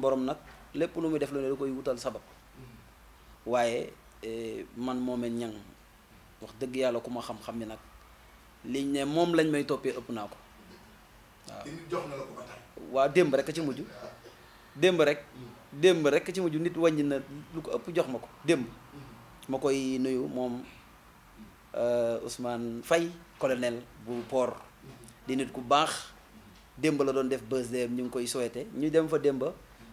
sunu borom nag lépp lu muy def lu ne da koy wutal sabab waaye eh, man moomeen ñang wax dëgg yàlla ku ma xam-xam ni nag li ne moom lañ may toppee ëpp naa ko waaw. jox waa démb rek ci mujj démb rek. démb rek ci mujj nit wàññi na lu ko ëpp jox ma ko démb. ma koy nuyu moom eh, Ousmane Faye colonel bu port di nit ku baax démb la doon def bés ñu ngi koy souhaité ñu dem fa démb.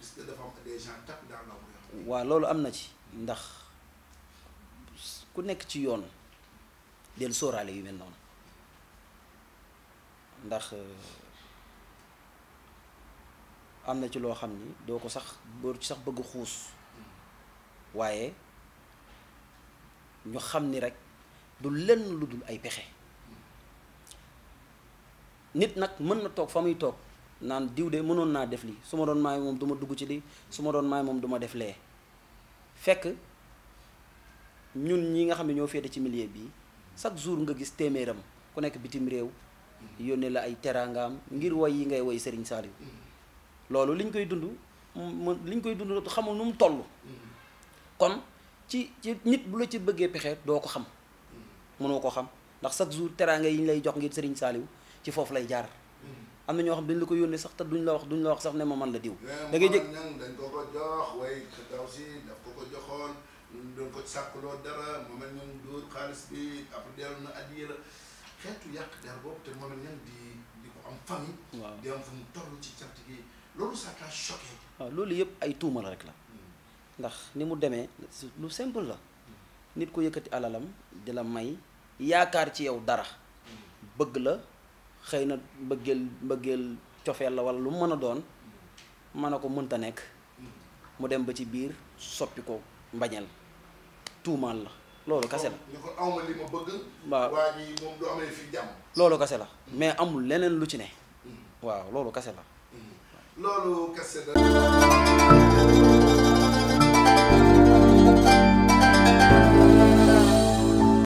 est que dafa am des gens tapis dans l'ombre loolu am na ci ndax ku nekk ci yoon del sóoraale yu mel noonu ndax euh, am na ci loo xam ni doo ko sax boo ci sax bëgg xuus waaye ñu xam ni rek du lenn lu dul ay pexe nit nag mën na toog fa muy toog naan diw de mënoon naa def lii su ma doon maay moom du dugg ci lii su ma doon maay moom def lee fekk ñun ñi nga xam ne ñoo féete ci milieu bii chaque jour nga gis téeméeram ku nekk bitim réew yónnee la ay teraangaam ngir woy yi ngay woy Serigne Saliou loolu liñ koy dund liñ koy dund xamul nu mu toll kon ci ci nit bu la ci bëggee pexe doo ko xam mënoo ko xam ndax chaque jour teraanga yi ñu lay jox ngir Serigne Saliou ci foofu lay jaar amna na ñoo xam dañ la ko yónnee sax ta duñ la wax duñ la wax sax ne ma man la diw. da ngay jëg ñang dañ ko ko jox way daw si da ko ko joxoon do ko sàkkuloo dara mo mel ñoom door xaliss bi après del na adiyela la yak dar bop te mo mel ñang di di ko am fami di am fu mu toll ci ciat gi lolu sa ka choqué. waaw loolu yëpp ay tuuma rek la. Hmm. ndax ni mu démé lu simple la nit ko yëkëti alalam di la may yaakar ci yow dara hmm. bëgg la xëy na mbëggeel mbëggeel cofeel la wala lu mën a doon mën a ko mënta nekk mu dem ba ci biir soppi ko mbañeel tuumaal la loolu kase la. loolu kase la mais amul leneen lu ci ne. Mm-hmm. waaw loolu kase la. Mm-hmm. loolu kase la.